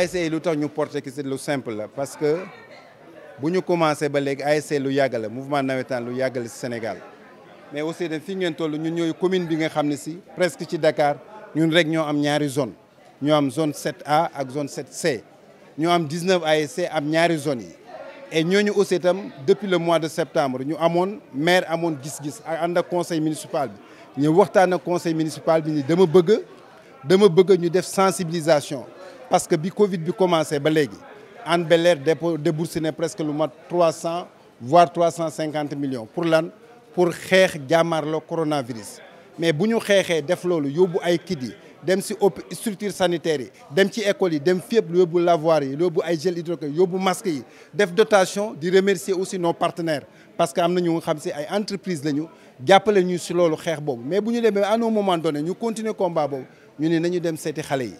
ASC yi lu tax ñu porté ki c'est lu simple la parce que bu ñu commencé ba léegi ASC lu yàgg la mouvement nawetaan lu yàgg si Sénégal mais aussi de fi ngeen toll ñu ñooy commune bi nga xam ne si presque ci Dakar ñu rek ñoo am ñaari zone ñoo am zone 7A ak zone 7C ñoo am 19 ASC am ñaari zone yi et ñooñu aussi itam depuis le mois de septembre ñu amoon maire amoon gis-gis ak ànd ak conseil municipal bi ñu waxtaan ak conseil municipal bi ni dama bëgg dama bëgg ñu def sensibilisation parce que bi Covid bi commencer ba léegi en Bel-Air déboursé ne presque lu mat trois cent voire trois cent cinquante millions pour lan pour xeex jàmmaarloo coronavirus. mais bu ñu xeexee def loolu yóbbu ay kit yi dem si op structure sanitaire yi dem ci école yi dem fépp yóbbu lavoir yi yóbbu ay gel hydroalcoolique yóbbu masque yi def dotation di remercier aussi nos partenaires parce que am na ñu xam si ay entreprise lañu jàppale ñu si loolu xeex boobu mais bu ñu demee à un moment ñu continuer combat boobu ñu ne nañu dem seeti xale yi.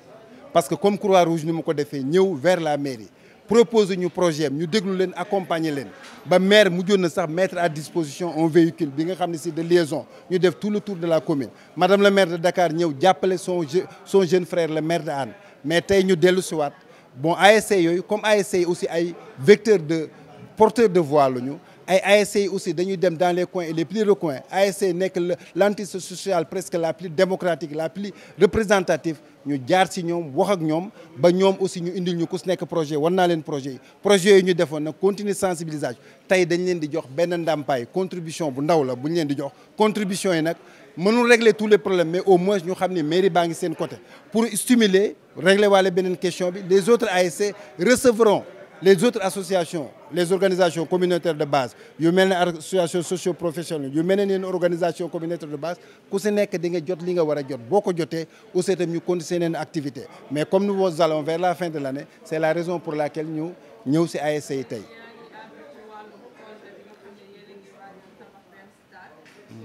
parce que comme croix rouge nu mu ko defee ñëw vers la mairie proposer ñu projet am ñu déglu leen accompagner leen ba maire mujjoon na sax mettre à disposition un véhicule bi nga xam ne si de liaison ñu def tout le tour de la commune madame la maire de Dakar ñëw jàppale son son jeune frère le maire de Hann mais tey ñu dellu si waat bon ASC yooyu comme ASC yi aussi ay vecteur de porteur de voix la ñu ay ASC yi aussi dañuy dem dans les coins et les plus recoins ASC nekk l'entité sociale presque la plus démocratique la plus représentative ñu jaar ci ñoom wax ak ñoom ba ñoom aussi ñu indi ñu ko si nekk projet war naa leen projet yi projet yi ñu defoon nag continuer sensibilisation tey dañ leen di jox benn ndàmpaay contribution bu ndaw la bu ñu leen di jox contribution yi nag mënul régler tous les problèmes mais au moins ñu xam ni mairie baa ngi seen côté pour stimuler régler waale beneen question bi les autres ASC recevront les autres associations les organisations communautaires de base yu mel ne association socio-professionnelle yu mel ne neen organisation communautaire de base ku si nekk di nga jot li nga war a jot boo ko jotee aussi itam ñu continuer seen activité mais comme nous allons vers la fin de l'année c'est la raison pour laquelle ñu ñëw si ASC say tey mmh.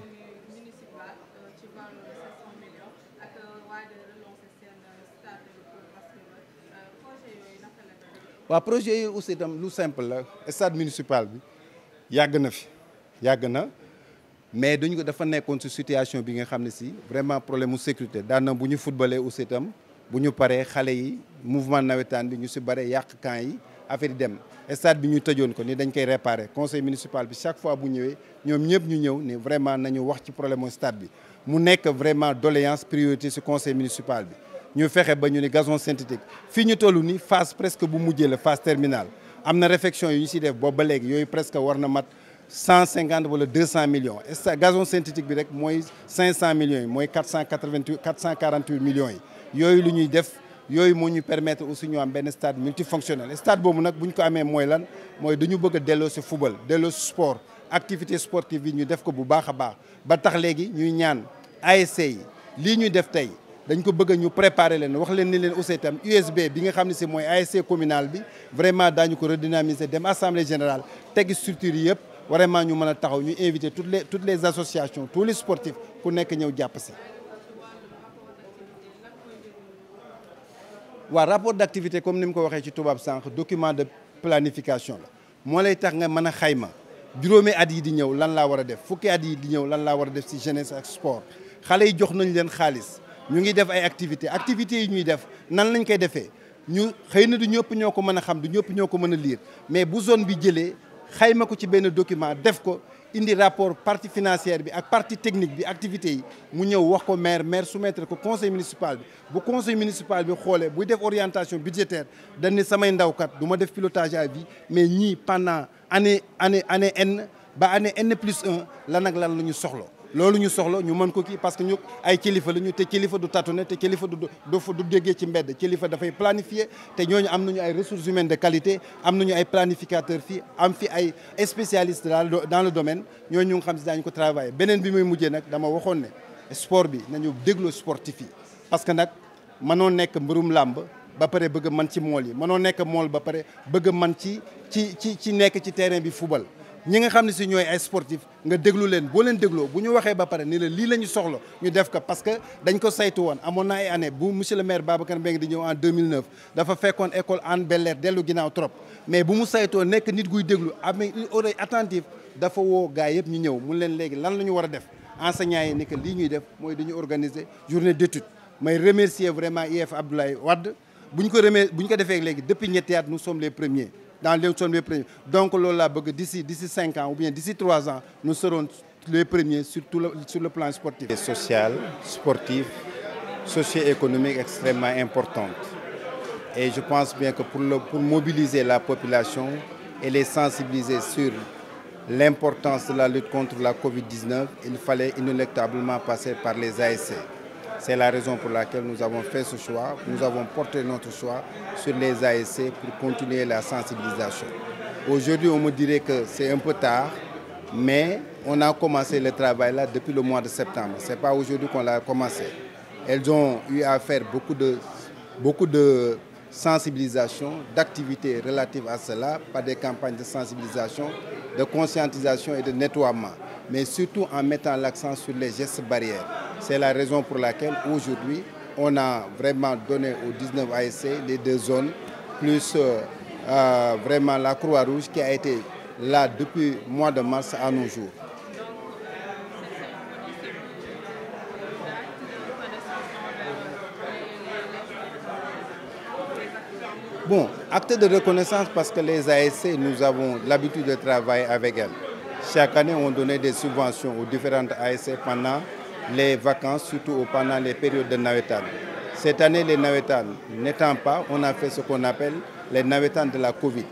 waa projet yi aussi itam lu simple la stade municipal bi yàgg na fi yàgg na mais dañu ko dafa nekkoon si situation bi nga xam ne si vraiment problème mu sécurité daan na bu ñu footballé aussi itam bu ñu paree xale yi mouvement nawetaan bi ñu si bare yàq camp yi affaire dem stade bi ñu tëjoon ko ni dañ koy réparer conseil municipal bi chaque fois bu ñëwee ñoom ñëpp ñu ñëw ni vraiment nañu wax ci problème mu stade bi mu nekk vraiment doléance priorité si conseil municipal bi. ñu fexe ba ñu ni gazon synthétique fii ñu toll ni phase presque bu mujjee la phase terminale am na refection yu ñu si def boobu léegi yooyu presque war na mat cent cinquante wala deux cent millions et gazon synthétique bi rek mooy cinq cent millions yi mooy quatre cent quatre-vingt-huit quatre cent quarante-huit yi yooyu lu ñuy def yooyu moo ñu permettre aussi ñu am benn stade multifonctionnel stade boobu nag bu ñu ko amee mooy lan mooy dañu bëgg a delloo si football delloo si sport activité sportive yi ñu def ko bu baax a baax ba tax léegi ñuy ñaan ASC yi lii ñuy def tey dañ ko bëgg ñu préparer leen wax leen ni leen aussi itam USB bi nga xam ne si mooy ASC communal bi vraiment daañu ko redynamiser dem assemblée générale teggi structure yëpp vraiment ñu mën a taxaw ñu invité toutes les toutes les associations tous les sportifs ku nekk ñëw jàpp si. waaw rapport d'activité comme ni mu ko waxee ci tubaab sànq document de planification la moo lay tax nga mën a xayma juróomi at yi di ñëw lan laa war a def fukki at yi di ñëw lan laa war def si jeunesse ak sport xale yi jox nañ leen xaalis. ñu ngi def ay activité activités yi ñuy def nan lañ koy defee ñu xëy na du ñëpp ñoo ko mën a xam du ñëpp ñoo ko mën a liir mais bu zone bi jëlee xayma ko ci benn document def ko indi rapport partie financière bi ak partie technique bi activité yi mu ñëw wax ko maire maire soumettre ko conseil municipal bi bu conseil municipal bi xoolee buy def orientation budgétaire dañ samay ndawkat du ma def pilotage à vie mais ñii pendant année année année N ba année N plus lan la ñu soxla loolu ñu soxla ñu mën ko kii parce que ñu ay kilifa la ñu te kilifa du tâtonner te kilifa du du déggee ci mbedd kilifa dafay planifier te ñooñu am nañu ay ressources humaines de qualité am nañu ay planificateurs fii am fi ay spécialistes dans le domaine ñooñu ñu nga xam si daañu ko travailler beneen bi muy mujjee nag dama waxoon ne sport bi nañu déglu sportif yi parce que nag mënoo nekk mbirum làmb ba pare bëgg man ci mool yi mënoo nekk mool ba pare bëgg man ci ci ci ci nekk ci terrain bi football ñi nga xam ne si ñooy ay sportif nga déglu leen boo leen dégloo bu ñu waxee ba pare ni la lii la ñu soxla ñu def ko parce que dañ ko saytu woon amoon na ay année bu monsieur le maire Babacar Mbengue di ñëw en 2009 dafa fekkoon école Hann Bel-Air dellu ginnaaw trop mais bu mu saytoo nekk nit guy déglu amee une oreille attentive dafa woo gaa yëpp ñu ñëw mun leen léegi lan la ñu war a def enseignants yi ni que lii ñuy def mooy dañu organiser journée d'étude may remercier vraiment IEF Abdoulaye Wade bu ñu ko remercier bu ko defee léegi depuis ñetti at nous sommes les dans l'autonomie première. Donc, là, d'ici, d'ici 5 ans ou bien d'ici 3 ans, nous serons les premiers sur, tout le, sur le plan sportif. Et social, sportif, socio-économique extrêmement importante. Et je pense bien que pour, le, pour mobiliser la population et les sensibiliser sur l'importance de la contre la COVID-19, il fallait inéluctablement passer par les ASC. C'est la raison pour laquelle nous avons fait ce choix. Nous avons porté notre choix sur les ASC pour continuer la sensibilisation. Aujourd'hui, on me dirait que c'est un peu tard, mais on a commencé le travail là depuis le mois de septembre. Ce n'est pas aujourd'hui qu'on l'a commencé. Elles ont eu à faire beaucoup de, beaucoup de sensibilisation, d'activités relatives à cela, par des campagnes de sensibilisation, de conscientisation et de nettoiement, mais surtout en mettant l'accent sur les gestes barrières. C'est la raison pour laquelle aujourd'hui, on a vraiment donné aux 19 ASC les deux zones, plus euh, euh, vraiment la Croix-Rouge qui a été là depuis mois de mars à nos jours. Bon, acte de reconnaissance parce que les ASC, nous avons l'habitude de travailler avec elles. Chaque année, on donnait des subventions aux différentes ASC pendant les vacances, surtout pendant les périodes de nawetan. Cette année, les nawetan n'étant pas, on a fait ce qu'on appelle les nawetan de la Covid.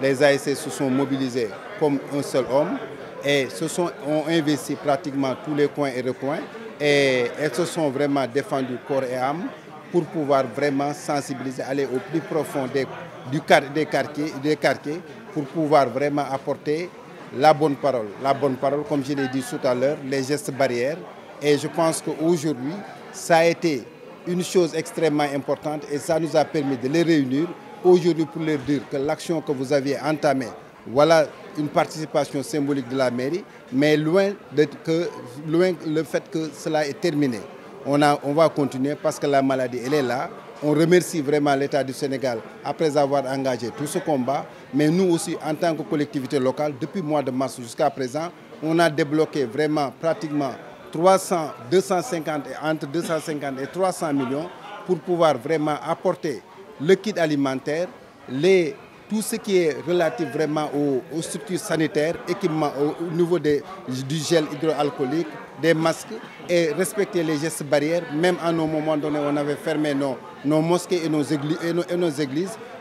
Les ASC se sont mobilisés comme un seul homme et se sont, ont investi pratiquement tous les coins et recoins et elles se sont vraiment défendues corps et âme pour pouvoir vraiment sensibiliser, aller au plus profond des, du, des, quartiers, des quartiers pour pouvoir vraiment apporter la bonne parole. La bonne parole, comme je l'ai dit tout à l'heure, les gestes barrières, Et je pense qu'aujourd'hui, ça a été une chose extrêmement importante et ça nous a permis de les réunir aujourd'hui pour leur dire que l'action que vous aviez entamée, voilà une participation symbolique de la mairie, mais loin, de, que, loin le fait que cela est terminé. On, a, on va continuer parce que la maladie, elle est là. On remercie vraiment l'État du Sénégal après avoir engagé tout ce combat. Mais nous aussi, en tant que collectivité locale, depuis mois de mars jusqu'à présent, on a débloqué vraiment pratiquement 300, 250 et entre 250 et 300 millions pour pouvoir vraiment apporter le kit alimentaire, les, tout ce qui est relatif vraiment au aux structures sanitaires, équipements au, niveau des, du gel hydroalcoolique, des masques et respecter les gestes barrières. Même à nos moments donné, on avait fermé nos, nos mosquées et nos, églises, et nos, et nos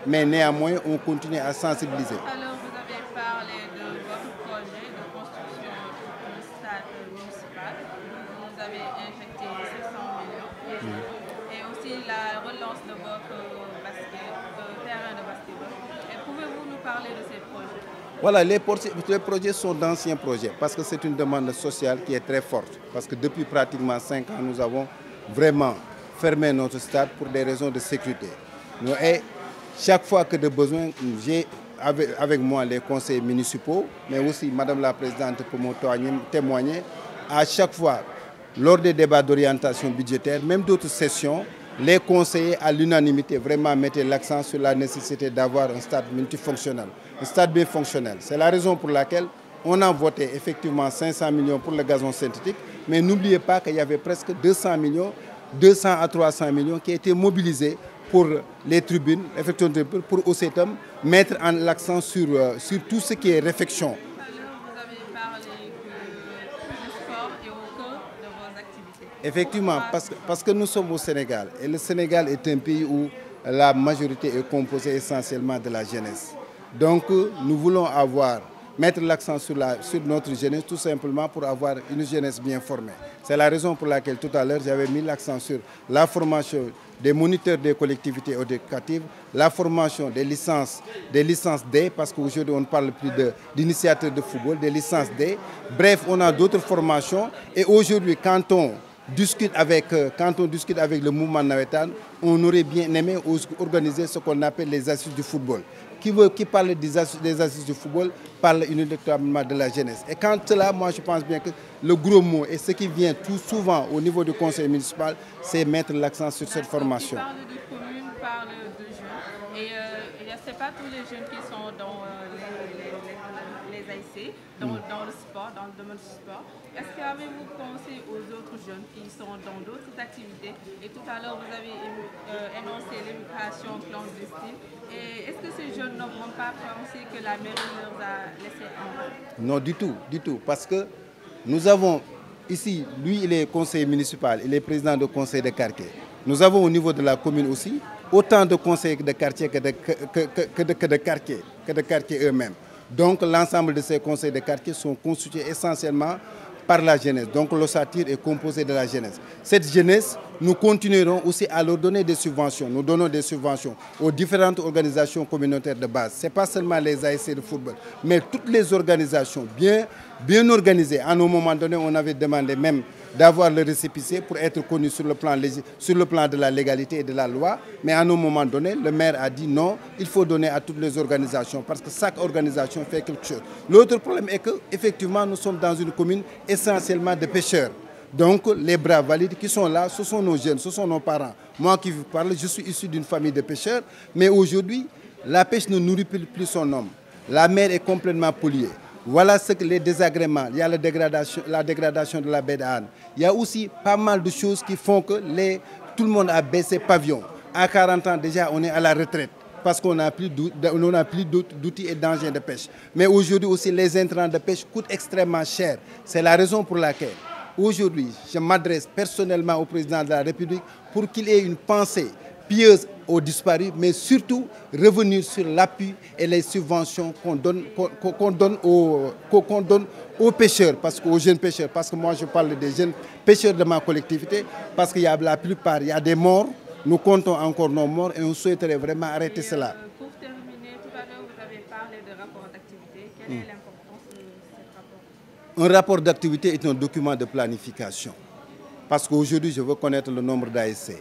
mais néanmoins, on continuait à sensibiliser. instance de votre euh, basket, de euh, terrain de basketball. parce que c'est une demande sociale qui est très forte. Parce que depuis pratiquement cinq ans, nous avons vraiment fermé notre stade pour des raisons de sécurité. Et chaque fois que de besoin, j'ai avec, avec, moi les conseils municipaux, mais aussi Madame la Présidente pour me témoigner, à chaque fois, lors des débats d'orientation budgétaire, même d'autres sessions, les conseillers à l'unanimité vraiment mettaient l'accent sur la nécessité d'avoir un stade multifonctionnel, un stade bifonctionnel. C'est la raison pour laquelle on a voté effectivement 500 millions pour le gazon synthétique, mais n'oubliez pas qu'il y avait presque 200 millions, 200 à 300 millions qui étaient mobilisés pour les tribunes, pour OCETOM, mettre en l'accent sur, euh, sur tout ce qui est réflexion Effectivement, parce que, parce que nous sommes au Sénégal. Et le Sénégal est un pays où la majorité est composée essentiellement de la jeunesse. Donc nous voulons avoir, mettre l'accent sur, la, sur notre jeunesse tout simplement pour avoir une jeunesse bien formée. C'est la raison pour laquelle tout à l'heure j'avais mis l'accent sur la formation des moniteurs des collectivités éducatives, la formation des licences, des D, parce qu'aujourd'hui on ne parle plus d'initiateurs de, de football, des licences D. Bref, on a d'autres formations et aujourd'hui quand on discute avec, euh, quand on discute avec le mouvement Nawetan, on aurait bien aimé organiser ce qu'on appelle les assises du football. Qui, veut, qui parle des assises, du football parle inéluctablement de la jeunesse. Et quand cela, moi je pense que le gros mot et ce qui vient tout souvent au niveau du conseil municipal, c'est mettre l'accent sur cette formation. parle de jeunes et, euh, et ce n'est pas tous les jeunes qui sont dans euh, progresser dans, mm. dans le sport, dans le domaine du sport. Est-ce quavez Et tout à l'heure, vous avez euh, énoncé l'immigration clandestine. Et ce que ces jeunes n'auront pas pensé que la mairie leur a laissé en Non, du tout, Parce que nous avons ici, lui, il est conseiller municipal, il est président de conseil de quartier. Nous avons au niveau de la commune aussi autant de conseils de quartier que de, que, que, que de, que de eux-mêmes. Donc l'ensemble de ces conseils de quartier sont constitués essentiellement par la jeunesse. Donc l'ossature est composée de la jeunesse. Cette jeunesse Nous continuerons aussi à leur donner des subventions. Nous donnons des subventions aux différentes organisations communautaires de base. Ce n'est pas seulement les ASC de football, mais toutes les organisations bien, organisées. À un moment donné, on avait demandé même d'avoir le récépissé pour être connu sur le, plan, sur de la légalité et de la loi. Mais à un moment donné, le maire a dit non, il faut donner à toutes les organisations parce que chaque organisation fait quelque chose. L'autre problème Donc les bras valides qui sont là, ce sont nos jeunes, ce sont nos parents. Moi qui vous parle, je suis issu d'une famille de pêcheurs, mais aujourd'hui, la pêche ne nourrit plus son homme. La mer est complètement polluée. Voilà ce que les désagréments, il a la dégradation, la dégradation de la baie d'Anne. Il y a aussi pas mal de choses qui font que les, tout le monde a baissé pavillon. À 40 ans déjà, on est à la retraite parce qu'on n'a plus d'outils et d'engins de pêche. Mais aujourd'hui la raison Aujourd'hui, je m'adresse personnellement au président de la République pour qu'il ait une pensée pieuse aux disparus, mais surtout revenir sur l'appui et les subventions qu'on donne, qu'on donne, aux, qu'on donne aux pêcheurs, parce aux jeunes pêcheurs, parce que moi je parle des jeunes pêcheurs de ma collectivité, parce qu'il y a la plupart, il a des morts, nous comptons encore nos morts et on souhaiterait vraiment arrêter et cela. Euh, Un rapport d'activité est un document de planification. Parce qu'aujourd'hui, je veux connaître le nombre d'ASC.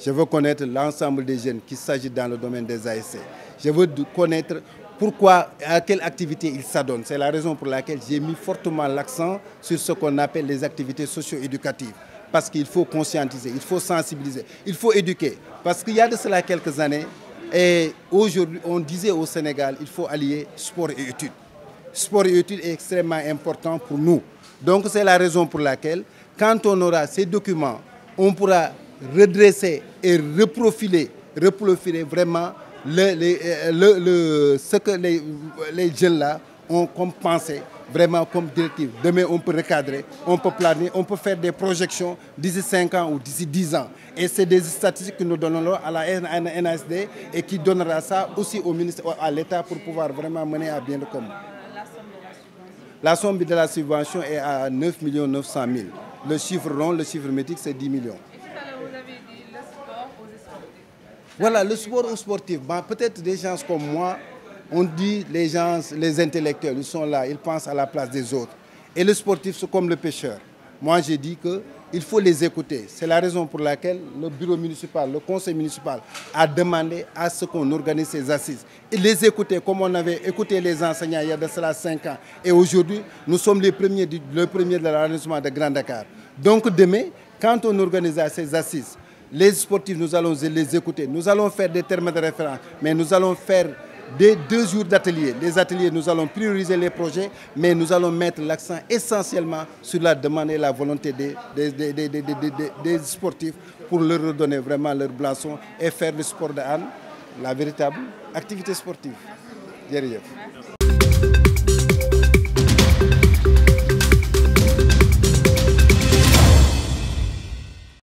Je veux connaître l'ensemble des jeunes qui s'agit dans le domaine des ASC. Je veux connaître pourquoi, à quelle activité ils s'adonnent. C'est la raison pour laquelle j'ai mis fortement l'accent sur ce qu'on appelle les activités socio-éducatives. Parce qu'il faut conscientiser, il faut sensibiliser, il faut éduquer. Parce qu'il y a de cela quelques années, et on disait au Sénégal, il faut allier sport et études. sport et études extrêmement important pour nous. Donc c'est la raison pour laquelle, quand on aura ces documents, on pourra redresser et reprofiler, reprofiler vraiment le, euh, le, le, le les, les jeunes-là ont comme pensée, vraiment comme directive. Demain, on peut recadrer, on peut planer, on peut faire des projections d'ici 5 ans ou d'ici 10 ans. Et c'est des statistiques que nous donnons à la NASD et qui donnera ça aussi au ministre, à l'État pour pouvoir vraiment mener à bien le commun. La somme de la subvention est à 9 900 000. Le chiffre rond, le chiffre métrique, c'est 10 millions. Et tout à l'heure, vous avez dit le sport aux sportifs. Voilà, le sport aux sportifs. Bah, Peut-être des gens comme moi, on dit les gens, les intellectuels, ils sont là, ils pensent à la place des autres. Et le sportif, c'est comme le pêcheur. Moi, j'ai dit que il faut les écouter. C'est la raison pour laquelle le bureau municipal, le conseil municipal a demandé à ce qu'on organise ces assises. Et les écouter comme on avait écouté les enseignants il y a de cela 5 ans. Et aujourd'hui, nous sommes les premiers, de l'arrondissement de Grand Dakar. Donc demain, quand on organisera ces assises, les sportifs, nous allons les écouter. Nous allons faire des termes de référence, mais nous allons faire des deux jours d'ateliers. Les ateliers, nous allons prioriser les projets, mais nous allons mettre l'accent essentiellement sur la demande et la volonté des, des, des, des, sportifs pour leur redonner vraiment leur blason et faire le sport de Anne la véritable activité sportive. Derrière.